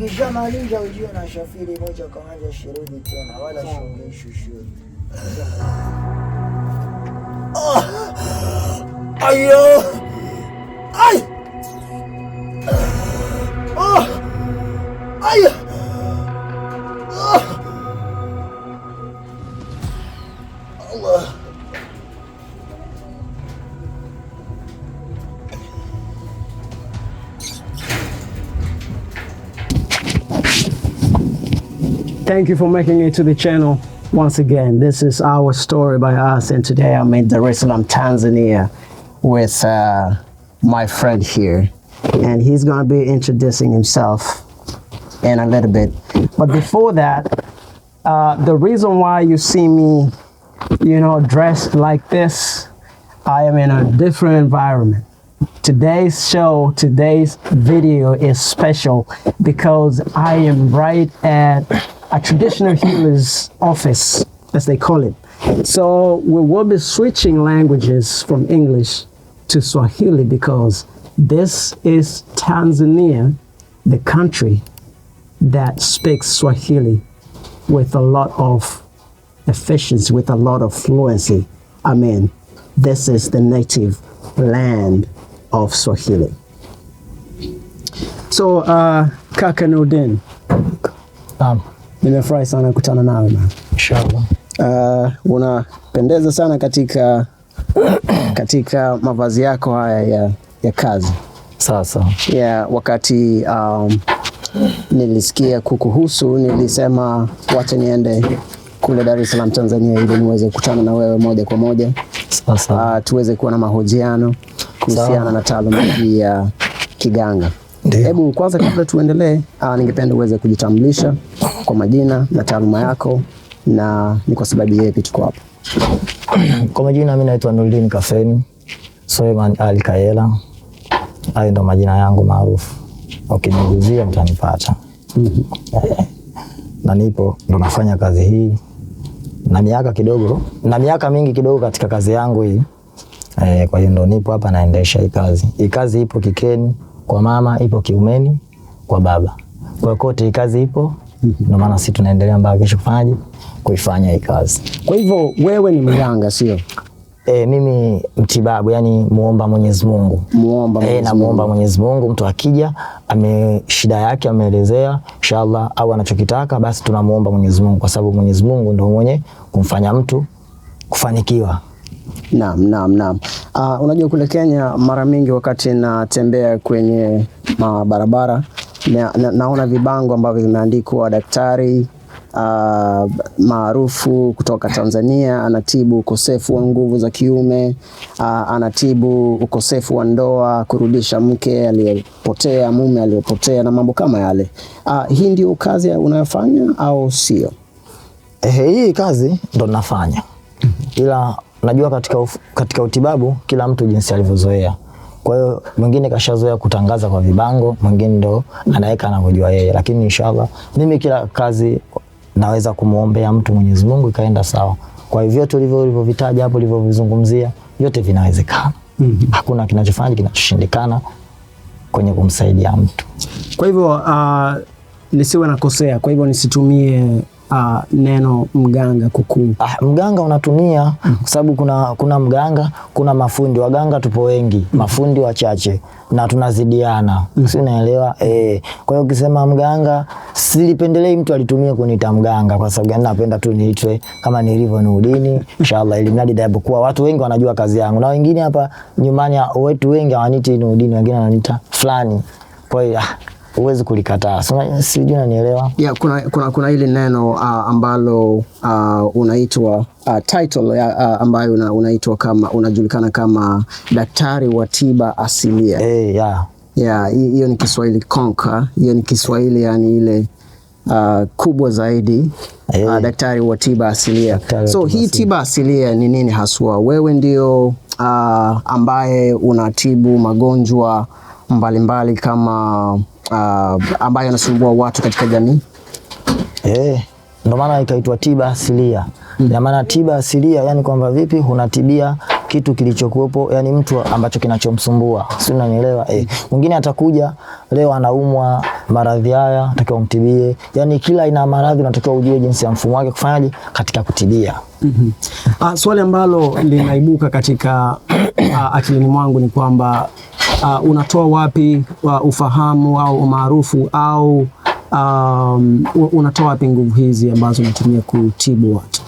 Nikishamaliza ujio na shafiri moja kwa moja shirudi tena, wala shongei shushui. Ah! Ayo, ay, ah! ah! Ayo. Thank you for making it to the channel. Once again, this is our story by us, and today I'm in Dar es Salaam, Tanzania, with uh, my friend here, and he's going to be introducing himself in a little bit. But before that, uh, the reason why you see me, you know, dressed like this, I am in a different environment. Today's show, today's video is special because I am right at a traditional healer's office, as they call it. So we will be switching languages from English to Swahili because this is Tanzania, the country that speaks Swahili with a lot of efficiency, with a lot of fluency. I mean, this is the native land of Swahili. So, uh, Kakanudin. Um. Nimefurahi sana kukutana nawe bana. Inshallah. Uh, unapendeza sana katika katika mavazi yako haya ya, ya kazi sasa. Yeah, wakati um, nilisikia kukuhusu nilisema wacha niende kule Dar es Salaam Tanzania, ili niweze kukutana na wewe moja kwa moja sasa. Uh, tuweze kuwa na mahojiano kuhusiana na taaluma hii ya uh, kiganga. Hebu kwanza kabla tuendelee, uh, ningependa uweze kujitambulisha kwa majina na taaluma yako na ni kwa sababu yeye tuko hapa? Kwa majina, mimi naitwa Nurdin Kafeni Suleiman Ali Kayela. Hayo ndo majina yangu maarufu, ukiniguzia mtanipata. Mm-hmm. na nipo ndo nafanya kazi hii na miaka kidogo na miaka mingi kidogo katika kazi yangu hii eh, kwa hiyo ndo nipo hapa naendesha hii kazi. Hii kazi ipo kikeni kwa mama, ipo kiumeni kwa baba, kwa kote hii kazi ipo ndio maana sisi tunaendelea mpaka kesho kufanyaje, kuifanya hii kazi. Kwa hivyo wewe ni mganga sio? E, mimi mtibabu, yani muomba Mwenyezi Mungu, muomba eh, Mwenyezi Mungu e, na muomba Mwenyezi Mungu. Mtu akija ame shida yake ameelezea, inshallah au anachokitaka basi tunamuomba Mwenyezi Mungu, kwa sababu Mwenyezi Mungu ndio mwenye kumfanya mtu kufanikiwa. Naam, naam, naam. Uh, unajua kule Kenya mara mingi wakati natembea kwenye mabarabara na, na, naona vibango ambavyo vimeandikwa daktari uh, maarufu kutoka Tanzania anatibu ukosefu wa nguvu za kiume uh, anatibu ukosefu wa ndoa, kurudisha mke aliyepotea, mume aliyepotea na mambo kama yale. Uh, hii ndio kazi unayofanya au sio? Ehe, hii kazi ndo nafanya, mhm. ila najua katika, katika utibabu kila mtu jinsi alivyozoea kwa hiyo mwingine kashazoea kutangaza kwa vibango, mwingine ndo anaweka anavyojua yeye, lakini inshallah mimi kila kazi naweza kumwombea mtu Mwenyezi Mungu ikaenda sawa. Kwa hivyo vyote ulivyovitaja hapo ulivyovizungumzia vyote vinawezekana. Mm -hmm. Hakuna kinachofanya kinachoshindikana kwenye kumsaidia mtu. Kwa hivyo uh, nisiwe nakosea, kwa hivyo nisitumie Uh, neno mganga kukuu. Ah, mganga unatumia mm. Kwa sababu kuna, kuna mganga kuna mafundi waganga, tupo wengi mm. Mafundi wachache na tunazidiana mm Si unaelewa eh. Kwa hiyo ukisema mganga, silipendelei mtu alitumia kuniita mganga kwa sababu gani? Napenda tu niitwe kama nilivyo Nurdin inshallah, ili mradi kuwa watu wengi wanajua kazi yangu, na wengine hapa nyumbani wetu wengi hawaniti Nurdin, wengine wananiita fulani. Kwa hiyo ah huwezi kulikataa. Sijui nanielewa. Yeah, kuna, kuna, kuna hili neno uh, ambalo uh, unaitwa uh, title uh, ambayo una, unaitwa kama unajulikana kama daktari wa tiba asilia. Hey, eh, yeah. Yeah, hiyo ni Kiswahili conquer, hiyo ni Kiswahili yani ile Uh, kubwa zaidi hey. Uh, eh. daktari wa tiba asilia daktari so hii tiba asilia ni nini haswa? Wewe ndio uh, ambaye unatibu magonjwa mbalimbali kama uh, ambayo yanasumbua watu katika jamii eh, ndio maana ikaitwa tiba asilia. Hmm. na maana tiba asilia yani kwamba vipi unatibia kitu kilichokuwepo, yani mtu ambacho kinachomsumbua, si unanielewa? Eh, mwingine atakuja leo anaumwa maradhi haya, natakiwa umtibie. Yani kila aina maradhi unatakiwa ujue jinsi ya mfumo wake kufanyaje katika kutibia. mm -hmm. Ah, swali ambalo linaibuka katika ah, akilini mwangu ni kwamba uh, unatoa wapi uh, ufahamu au umaarufu au um, unatoa wapi nguvu hizi ambazo unatumia kutibu watu?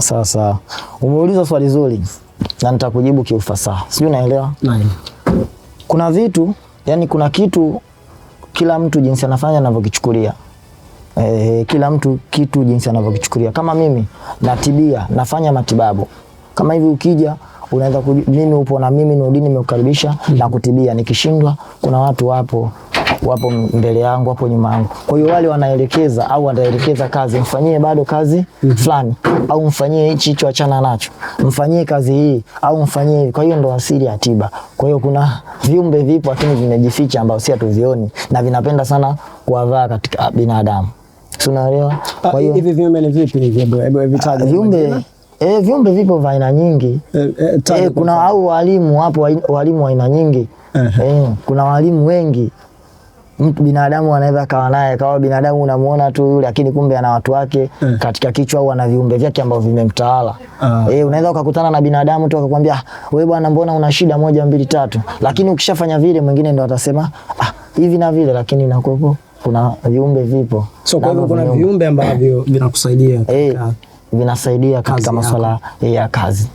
Sasa umeuliza swali zuri na nitakujibu kiufasaha, sijui unaelewa. Kuna vitu yani, kuna kitu kila mtu jinsi anafanya anavyokichukulia e, kila mtu kitu jinsi anavyokichukulia. Kama mimi natibia, nafanya matibabu kama hivi, ukija unaweza mimi upo na mimi Nurdin nimekukaribisha na kutibia. Nikishindwa kuna watu wapo wapo mbele yangu wapo nyuma yangu, kwa hiyo wale wanaelekeza au wanaelekeza kazi, mfanyie bado kazi mm -hmm. fulani au mfanyie hichi hicho, achana nacho, mfanyie kazi hii au mfanyie hivi. Kwa hiyo ndo asili ya tiba. Kwa hiyo kuna viumbe vipo lakini vimejificha, ambao si hatuvioni na vinapenda sana kuwavaa katika binadamu, si unaelewa? Ah, kwa hiyo hivi viumbe ni vipi? Hivi Hebu vitaje viumbe E, eh, viumbe vipo vya aina nyingi e, e, e, kuna au walimu hapo, walimu wa aina nyingi uh E, kuna walimu wengi. Mtu binadamu anaweza kawa naye kawa binadamu unamuona tu, yule, lakini kumbe ana watu wake e, katika kichwa au ana viumbe vyake ambavyo vimemtawala uh -huh. Ah. E, unaweza ukakutana na binadamu tu akakwambia wewe bwana, mbona una shida moja mbili tatu, lakini ukishafanya vile mwingine ndo atasema ah, hivi na vile, lakini inakuwepo kuna viumbe vipo. So kwa hivyo kuna viumbe ambavyo vinakusaidia katika vinasaidia katika masuala ya kazi.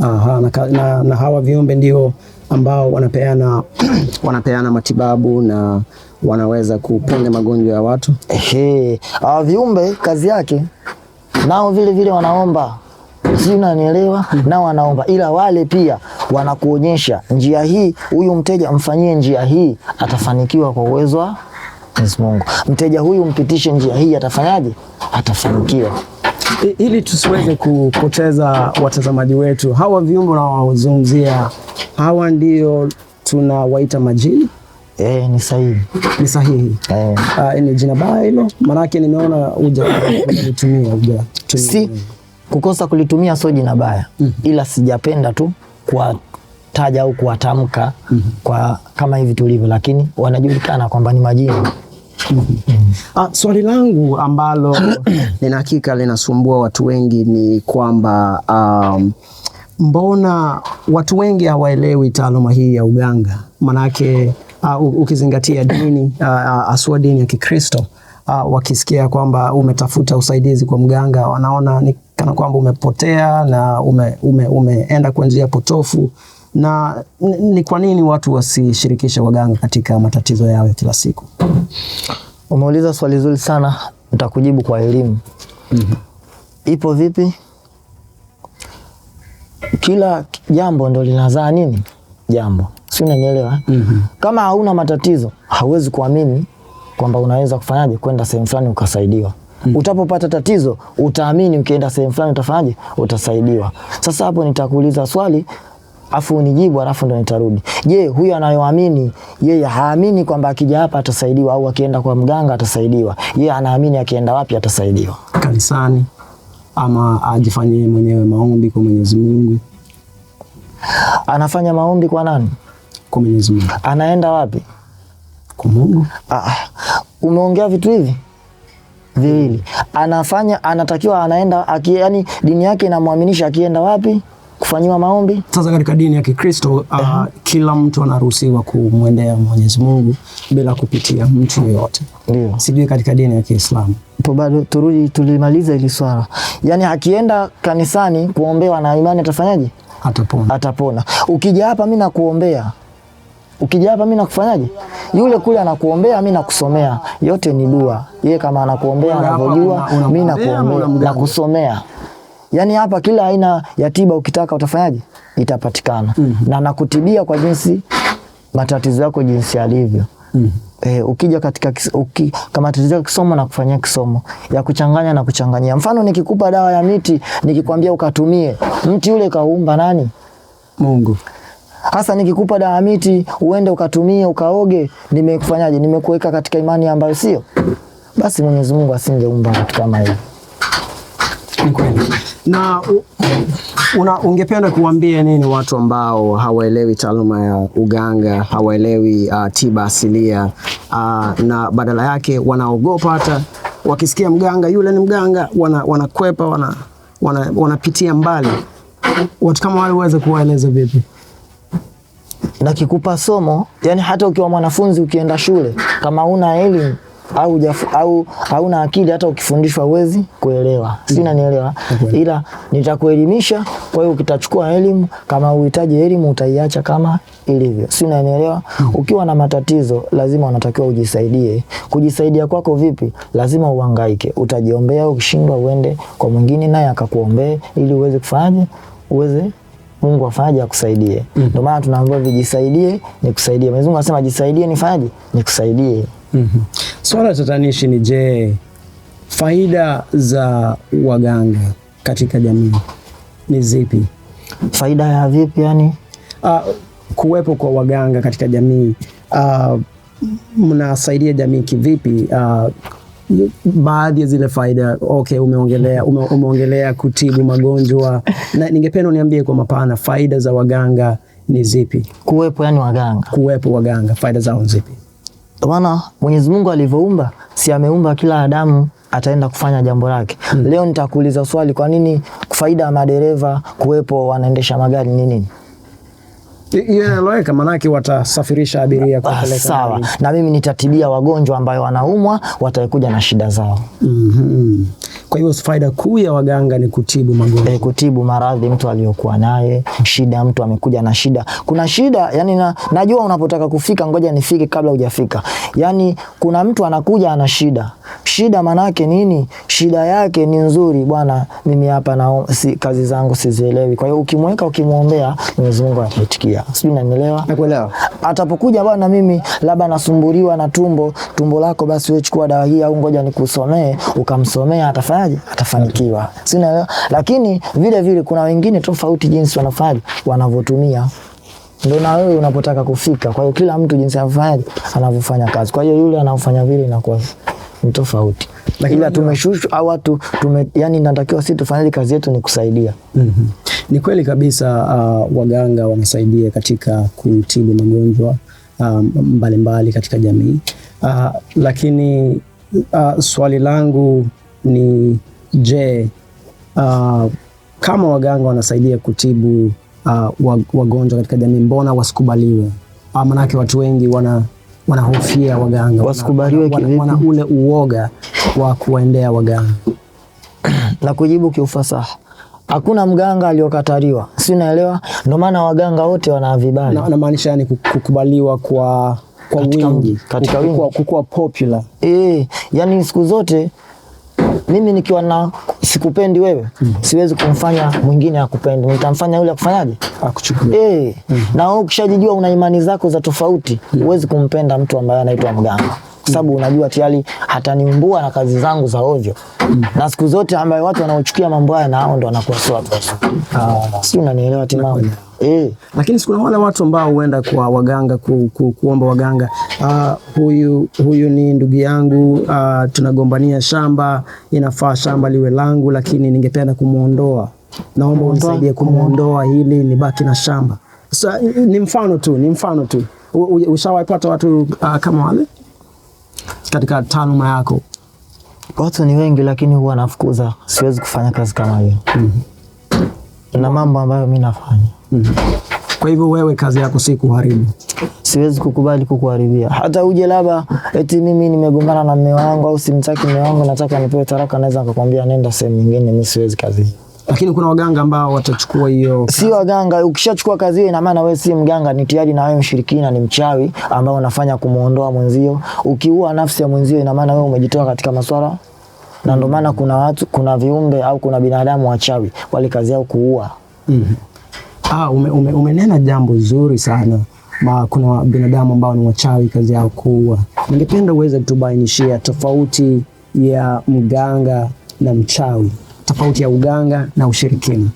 Aha, na, na, na hawa viumbe ndio ambao wanapeana wanapeana matibabu na wanaweza kuponya magonjwa ya watu. Ehe, hawa viumbe kazi yake nao vile vile wanaomba sijui unanielewa, mm-hmm. nao wanaomba, ila wale pia wanakuonyesha njia hii, huyu mteja mfanyie njia hii, atafanikiwa kwa uwezo wa Mwenyezi Mungu. Mteja huyu mpitishe njia hii, atafanyaje? Atafanikiwa ili tusiweze kupoteza watazamaji wetu, hawa viumbe nawazungumzia, hawa ndio tunawaita majini. E, ni sahihi, ni sahihi e. Uh, ni jina baya hilo, maanake nimeona uja kulitumia uja si kukosa kulitumia, sio jina baya mm -hmm. ila sijapenda tu kuwataja au kuwatamka mm -hmm. kwa kama hivi tulivyo, lakini wanajulikana kwamba ni majini. Ah, swali langu ambalo nina hakika linasumbua watu wengi ni kwamba um, mbona watu wengi hawaelewi taaluma hii ya uganga? Manake uh, ukizingatia dini uh, uh, haswa uh, dini ya Kikristo uh, wakisikia kwamba umetafuta usaidizi kwa mganga wanaona ni kana kwamba umepotea na ume, ume, umeenda kwa njia potofu na ni kwa nini watu wasishirikishe waganga katika matatizo yao ya kila siku? Umeuliza swali zuri sana, nitakujibu kwa elimu. mm -hmm. Ipo vipi? Kila jambo ndo linazaa nini jambo, si unanielewa? mm -hmm. Kama hauna matatizo hauwezi kuamini kwamba unaweza kufanyaje kwenda sehemu fulani ukasaidiwa. Hmm. Utapopata tatizo utaamini ukienda sehemu fulani utafanyaje, utasaidiwa. Sasa hapo nitakuuliza swali afu unijibu alafu ndo nitarudi. Je, huyu anayoamini yeye haamini kwamba akija hapa atasaidiwa au akienda kwa mganga atasaidiwa? Yeye anaamini akienda wapi atasaidiwa? Kanisani ama ajifanye mwenyewe maombi kwa Mwenyezi Mungu. Anafanya maombi kwa nani? Kwa Mwenyezi Mungu. Anaenda wapi? Kwa Mungu. Ah, ah. umeongea vitu hivi viwili. Anafanya anatakiwa anaenda aki, yani dini yake inamwaminisha akienda wapi kufanyiwa maombi. Sasa katika dini ya Kikristo uh, uh, kila mtu anaruhusiwa kumwendea Mwenyezi Mungu bila kupitia mtu yoyote. Ndio. Sijui katika dini ya Kiislamu Po bado turudi, tulimaliza hili swala. Yaani akienda kanisani kuombewa na imani atafanyaje? Atapona. Atapona. Ukija hapa mimi nakuombea, ukija hapa mimi nakufanyaje? Yule kule anakuombea, mimi nakusomea, yote ni dua. Yeye kama anakuombea anavyojua, mimi nakuombea, nakusomea Yani hapa kila aina ya tiba ukitaka utafanyaje, itapatikana mm -hmm. na nakutibia kwa jinsi matatizo yako jinsi yalivyo mm -hmm. E, ukija katika uki, kama tatizo kisomo na kufanyia kisomo ya kuchanganya na kuchanganyia. Mfano nikikupa dawa ya miti nikikwambia ukatumie mti ule kaumba nani? Mungu. Hasa nikikupa dawa ya miti uende ukatumie ukaoge, nimekufanyaje? Nimekuweka katika imani ambayo sio, basi Mwenyezi Mungu asingeumba kitu kama hivi. Na una, ungependa kuambia nini watu ambao hawaelewi taaluma ya uganga, hawaelewi uh, tiba asilia uh, na badala yake wanaogopa, hata wakisikia mganga yule ni mganga wanakwepa, wana wana, wanapitia mbali. Watu kama wale waweze kuwaeleza vipi? Nakikupa somo, yani hata ukiwa mwanafunzi ukienda shule kama una elimu au au hauna akili, hata ukifundishwa uwezi kuelewa. Sina mm. nielewa, ila nitakuelimisha. Kwa hiyo ukitachukua elimu, kama uhitaji elimu utaiacha kama ilivyo. Sina nielewa. Mm. Ukiwa na matatizo, lazima unatakiwa ujisaidie. Kujisaidia kwako vipi? Lazima uhangaike, utajiombea. Ukishindwa uende kwa mwingine, naye akakuombee ili uweze kufanyaje, uweze Mungu afanyaje akusaidie. Mm. Ndio mm -hmm. maana tunaambiwa vijisaidie nikusaidie. Mwenyezi Mungu anasema jisaidie nifanyaje? Nikusaidie. mm -hmm. Swala tatanishi ni je, faida za waganga katika jamii ni zipi? Faida ya vipi yani? Uh, kuwepo kwa waganga katika jamii uh, mnasaidia jamii kivipi? Uh, baadhi ya zile faida okay, umeongelea ume, umeongelea kutibu magonjwa na ningependa uniambie kwa mapana faida za waganga ni zipi? Kuwepo yani waganga, kuwepo waganga faida zao zipi? Kwa maana Mwenyezi Mungu alivyoumba, si ameumba kila Adamu ataenda kufanya jambo lake. Hmm. Leo nitakuuliza swali, kwa nini faida ya madereva kuwepo wanaendesha magari ni nini? hiyo inaloweka, maanake watasafirisha abiria ah, kupeleka. Sawa, na mimi nitatibia wagonjwa ambayo wanaumwa, watakuja na shida zao. mm -hmm. Kwa hiyo faida kuu ya waganga ni kutibu magonjwa. E, kutibu maradhi mtu aliyokuwa naye, shida mtu amekuja na shida. Kuna shida yani na, najua unapotaka kufika, ngoja nifike kabla hujafika. Yani kuna mtu anakuja ana shida Shida manake nini? Shida yake ni nzuri, bwana, mimi hapa na si, kazi zangu sizielewi. Kwa hiyo ukimweka, ukimwombea, Mwenyezi Mungu ataitikia. Sijui unanielewa? Nakuelewa. Atapokuja bwana, mimi labda nasumbuliwa na tumbo, tumbo lako basi wewe chukua dawa hii au ngoja nikusomee, ukamsomea atafanyaje? Atafanikiwa. Si unaelewa? Lakini vile vile kuna wengine tofauti jinsi wanafanya, wanavyotumia ndo na wewe unapotaka kufika. Kwa hiyo kila mtu jinsi anavyofanya anavyofanya kazi. Kwa hiyo yule anaofanya vile inakuwa ni tofauti, ila tumeshushwa au watu tume, yani natakiwa sisi tufanye kazi yetu ni kusaidia. mm -hmm. Ni kweli kabisa. Uh, waganga wanasaidia katika kutibu magonjwa um, mbalimbali um, mbali katika jamii uh, lakini uh, swali langu ni je, uh, kama waganga wanasaidia kutibu uh, wagonjwa katika jamii, mbona wasikubaliwe? Maanake watu wengi wana wanahofia waganga, wasikubaliwe wana, wana ule uoga wa kuwaendea waganga. La kujibu kiufasaha, hakuna mganga aliyokataliwa, si unaelewa? Ndio maana waganga wote wana vibali. Namaanisha yani kukubaliwa kwa kwa wingi, katika wingi, kukuwa popular eh, yani siku zote mimi nikiwa na sikupendi wewe mm. siwezi kumfanya mwingine akupende, nitamfanya yule akufanyaje, akuchukue eh. mm. na ukishajijua una imani zako za tofauti yeah. Mm. huwezi kumpenda mtu ambaye anaitwa mganga kwa sababu mm. unajua tayari hataniumbua na kazi zangu za ovyo mm. na siku zote ambayo watu wanaochukia mambo haya na hao ndo wanakuwa sio watu wazuri, mm. ah, si unanielewa timamu? Eh. Lakini kuna wale watu ambao huenda kwa waganga ku, ku, kuomba waganga uh, huyu, huyu ni ndugu yangu uh, tunagombania shamba, inafaa shamba liwe langu, lakini ningependa kumwondoa, naomba unisaidie kumwondoa ili nibaki na shamba. So, ni mfano tu, ni mfano tu. Ushawaipata watu uh, kama wale katika taaluma yako? Watu ni wengi, lakini huwa nafukuza, siwezi kufanya kazi kama hiyo. mm -hmm na mambo ambayo mimi nafanya. Mm. Kwa hivyo wewe kazi yako si kuharibu. Siwezi kukubali kukuharibia. Hata uje laba eti mimi nimegombana na mume wangu au simtaki mume wangu, nataka nipewe taraka, naweza nikakwambia nenda sehemu nyingine, mimi siwezi kazi hii. Lakini kuna waganga ambao watachukua hiyo. Si waganga, ukishachukua kazi hiyo, ina maana wewe si mganga, ni tayari na wewe mshirikina, ni mchawi ambao unafanya kumuondoa mwenzio. Ukiua nafsi ya mwenzio, ina maana wewe umejitoa katika masuala na ndio maana kuna watu, kuna viumbe au kuna binadamu wachawi wale kazi yao kuua. mm -hmm. Ah, ume, ume, umenena jambo zuri sana ma, kuna binadamu ambao ni wachawi kazi yao kuua. Ningependa uweze kutubainishia tofauti ya mganga na mchawi, tofauti ya uganga na ushirikina.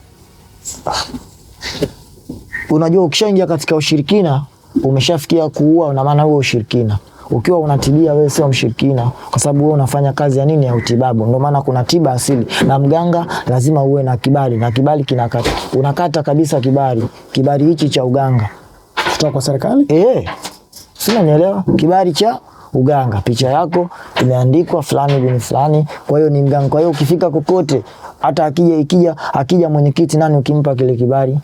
Unajua, ukishaingia katika ushirikina umeshafikia kuua, na maana huo ushirikina ukiwa unatibia wewe sio mshirikina, kwa sababu wewe unafanya kazi ya nini? Ya utibabu. Ndio maana kuna tiba asili, na mganga lazima uwe na kibali, na kibali kinakata, unakata kabisa kibali, kibali hichi cha uganga kutoka kwa serikali eh, sina nielewa, kibali cha uganga, picha yako imeandikwa fulani bin fulani, kwa hiyo ni mganga. Kwa hiyo ukifika kokote, hata akija ikija akija mwenyekiti nani, ukimpa kile kibali,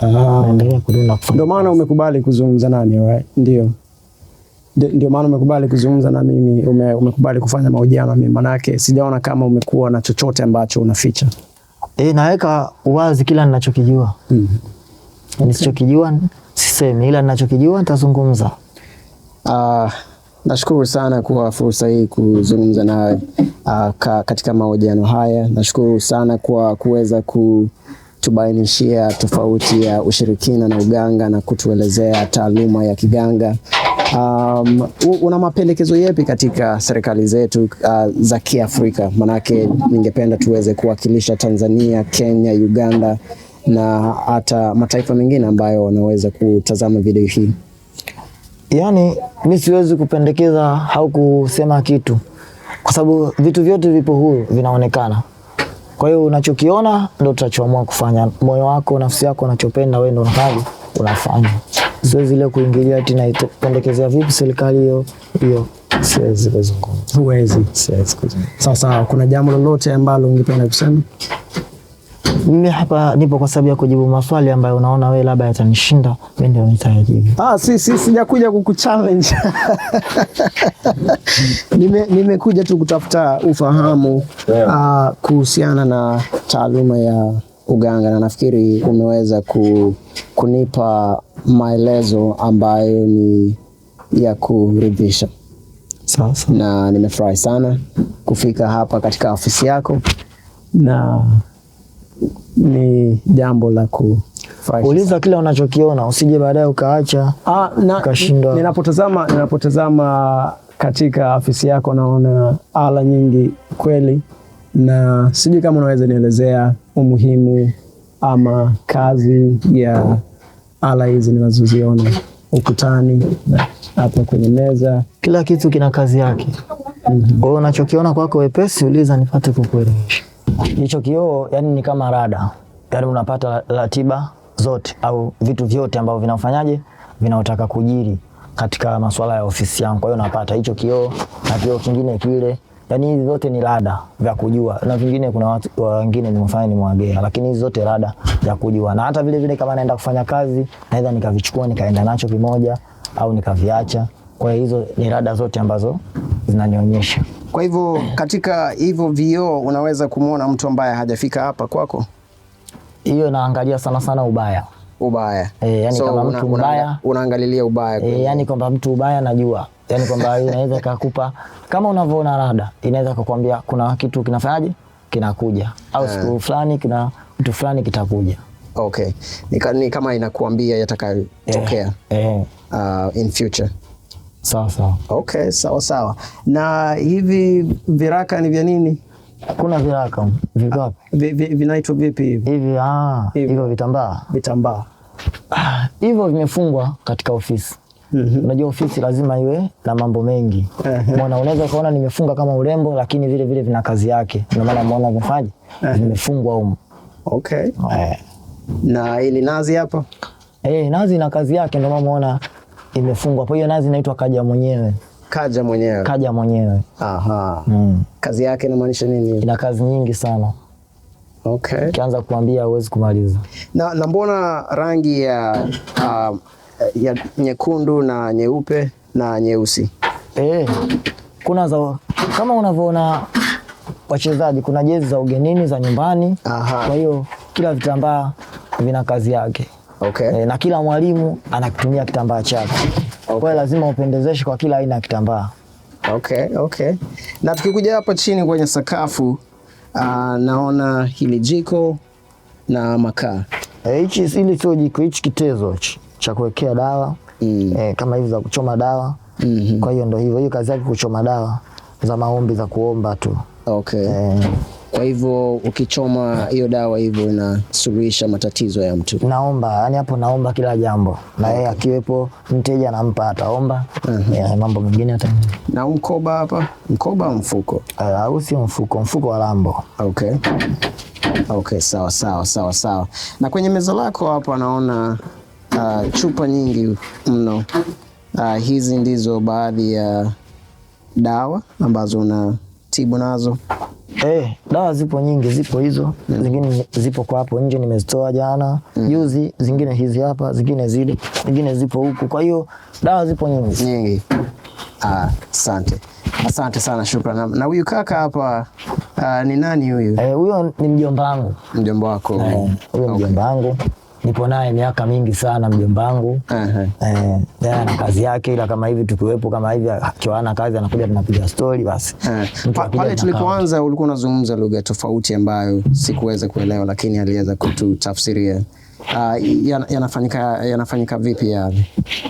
ah. ndio maana umekubali kuzungumza nani, right? Ndio. Ndio maana umekubali kuzungumza na mimi ume, umekubali kufanya mahojiano na mimi, manake sijaona kama umekuwa na chochote ambacho unaficha. E, naweka wazi kila ninachokijua. mm -hmm. Nisichokijua yaani sisemi, ila ninachokijua nitazungumza. Uh, nashukuru sana kwa fursa hii kuzungumza nawe uh, ka, katika mahojiano haya. Nashukuru sana kwa kuweza ku tubainishia tofauti ya ushirikina na uganga na kutuelezea taaluma ya kiganga Um, una mapendekezo yepi katika serikali zetu uh, za Kiafrika? Manake ningependa tuweze kuwakilisha Tanzania, Kenya, Uganda na hata mataifa mengine ambayo wanaweza kutazama video hii. Yaani mi siwezi kupendekeza au kusema kitu kwa sababu vitu vyote vipo huru, vinaonekana. Kwa hiyo unachokiona ndo tutachoamua kufanya, moyo wako, nafsi yako, unachopenda wewe ndio unafanya zoezi ile kuingilia tena itapendekezea vipi serikali hiyo hiyo? Siwezi kuzungumza. Huwezi? Siwezi kuzungumza. Sasa sawa. Kuna jambo lolote ambalo ungependa kusema? Mimi hapa nipo kwa sababu ya kujibu maswali ambayo unaona wewe labda yatanishinda, mimi ndio nitayajibu. Ah, si si sijakuja kukuchallenge. Nime nimekuja tu kutafuta ufahamu yeah, uh, kuhusiana na taaluma ya uganga, na nafikiri umeweza ku, kunipa maelezo ambayo ni ya kuridhisha. Sasa na nimefurahi sana kufika hapa katika ofisi yako, na ni jambo la kuuliza kila unachokiona, usije baadaye ukaacha ah, ukashindwa. Ninapotazama ninapotazama katika ofisi yako naona ala nyingi kweli na sijui kama unaweza nielezea umuhimu ama kazi ya ala hizi ninazoziona ukutani hapa kwenye meza. Kila kitu kina kazi yake. Mm -hmm. unachokiona kwako wepesi, uliza nipate kukuelewesha. Hicho kioo yani ni kama rada, yani unapata ratiba zote au vitu vyote ambavyo vinafanyaje vinaotaka kujiri katika masuala ya ofisi yangu. Kwa hiyo unapata hicho kioo na kioo kingine kile yani hizi zote ni rada vya kujua, na vingine kuna watu wengine nimefanya mwagea, lakini hizi zote rada vya kujua. Na hata vile vile kama naenda kufanya kazi, naweza nikavichukua nikaenda nacho kimoja au nikaviacha. Kwa hiyo hizo ni rada zote ambazo zinanionyesha. Kwa hivyo katika hivyo vioo unaweza kumwona mtu ambaye hajafika hapa kwako? Hiyo naangalia sana sana ubaya ubaya. E, yani so, kama una, mtu mbaya unaangalilia ubaya. E, yani kwamba mtu ubaya najua yani kwamba inaweza ikakupa kama unavyoona rada, inaweza kukwambia kuna kitu kinafanyaje kinakuja au eh. siku fulani kuna mtu fulani kitakuja. Okay, ni kama inakuambia yatakayotokea eh, yeah. uh, in future. Sawa sawa. Okay, sawa sawa. Na hivi viraka ni vya nini? Kuna viraka vikapi? Ah, vi, vi, vinaitwa vipi hivi? Hivi ah, hivyo vitambaa. Vitambaa. Ah, hivyo vimefungwa katika ofisi. Mhm. Unajua ofisi lazima iwe na mambo mengi. mwana, unaweza ukaona nimefunga kama urembo, lakini vile vile vina kazi yake. Ndio maana mwana vifaji vimefungwa huko. Okay. Na hii nazi hapo Eh, nazi ina kazi yake, ndio maana umeona imefungwa. Kwa hiyo nazi inaitwa kaja mwenyewe. Kaja mwenyewe. Kaja mwenyewe. Aha. Mm. Kazi yake inamaanisha nini? Ina kazi nyingi sana. Okay. Ukianza kuambia huwezi kumaliza. Na, na mbona rangi ya uh, Eh, ya nyekundu na nyeupe na nyeusi. Eh, kuna za kama unavyoona wachezaji, kuna jezi za ugenini za nyumbani. Aha. Kwa hiyo kila vitambaa vina kazi yake. Okay. E, na kila mwalimu anakitumia kitambaa chake. Okay. Kwa hiyo lazima upendezeshe kwa kila aina ya kitambaa. Okay, okay. Na tukikuja hapa chini kwenye sakafu aa, ah, naona hili jiko na makaa. Eh, hichi e, hili sio jiko, hichi kitezo hichi cha kuwekea dawa mm. eh, kama hivi za kuchoma dawa mm -hmm. Kwa hiyo ndo hivyo, hiyo kazi yake kuchoma dawa za maombi za kuomba tu okay. eh, kwa hivyo ukichoma hiyo dawa hivyo inasuluhisha matatizo ya mtu. Naomba yani hapo, naomba kila jambo na yeye okay. Akiwepo mteja nampa, ataomba uh -huh. yeah, mambo mengine hata. Na mkoba hapa, mkoba mfuko eh, au sio? Mfuko, mfuko wa lambo. Okay, okay, sawa sawa sawa sawa. Na kwenye meza lako hapa naona uh, chupa nyingi mno. Uh, hizi ndizo baadhi ya dawa ambazo unatibu nazo. Hey, eh, dawa zipo nyingi, zipo hizo mm. Zingine zipo kwa hapo nje nimezitoa jana mm. juzi, zingine hizi hapa, zingine zile, zingine zipo huku. Kwa hiyo dawa zipo nyingi nyingi. Asante ah, asante sana, shukrani. Na huyu kaka hapa ah, ni nani huyu? Eh, huyo ni mjomba wangu. Mjomba wako eh, huyo? okay. Mjomba wangu nipo naye miaka mingi sana mjomba wangu eh, yeye ana kazi yake, ila kama hivi tukiwepo kama hivi akiwa ana kazi anakuja tunapiga stori basi. Eh, pale tulipoanza ulikuwa unazungumza lugha tofauti ambayo sikuweza kuelewa, lakini aliweza kututafsiria. Uh, yanafanyika yanafanyika vipi yale?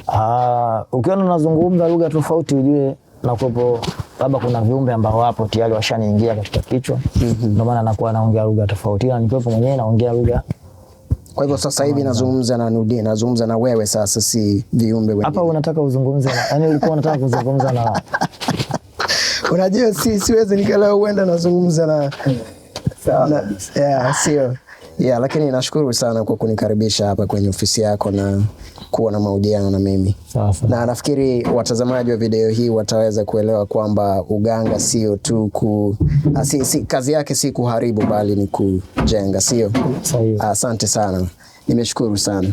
Uh, ukiona unazungumza lugha tofauti ujue nakuwepo labda kuna viumbe ambao wapo tayari washaniingia katika kichwa, mhm. ndio maana nakuwa naongea lugha tofauti, na nikiwepo mwenyewe naongea lugha kwa hivyo sasa hivi nazungumza na Nudin, nazungumza na wewe sasa, si viumbe wengine. Hapa unataka uzungumze, yani ulikuwa unataka kuzungumza na unajua, si siwezi nikaleo huenda nazungumza na sio, yeah, lakini nashukuru sana kwa kunikaribisha hapa kwenye ofisi yako na kuwa na mahojiano na mimi Sasa. Na nafikiri watazamaji wa video hii wataweza kuelewa kwamba uganga sio tu ku, a, ah, si, si, kazi yake si kuharibu bali ni kujenga, sio? Asante sana, nimeshukuru sana.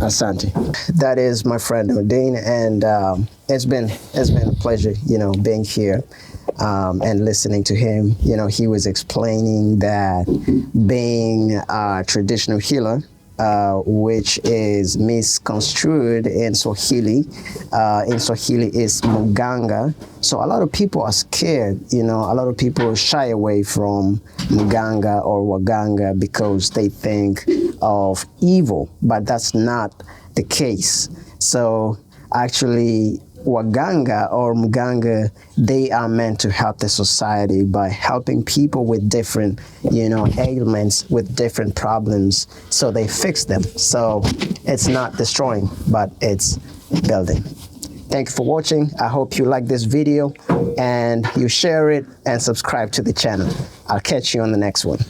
Asante. That is my friend Odin and um, it's been it's been a pleasure, you know, being here um, and listening to him. You know, he was explaining that being a traditional healer Uh, which is misconstrued in Swahili. Uh, in Swahili is muganga. So a lot of people are scared, you know, a lot of people shy away from muganga or waganga because they think of evil, but that's not the case. So actually, waganga or muganga they are meant to help the society by helping people with different you know ailments with different problems so they fix them so it's not destroying but it's building thank you for watching i hope you like this video and you share it and subscribe to the channel i'll catch you on the next one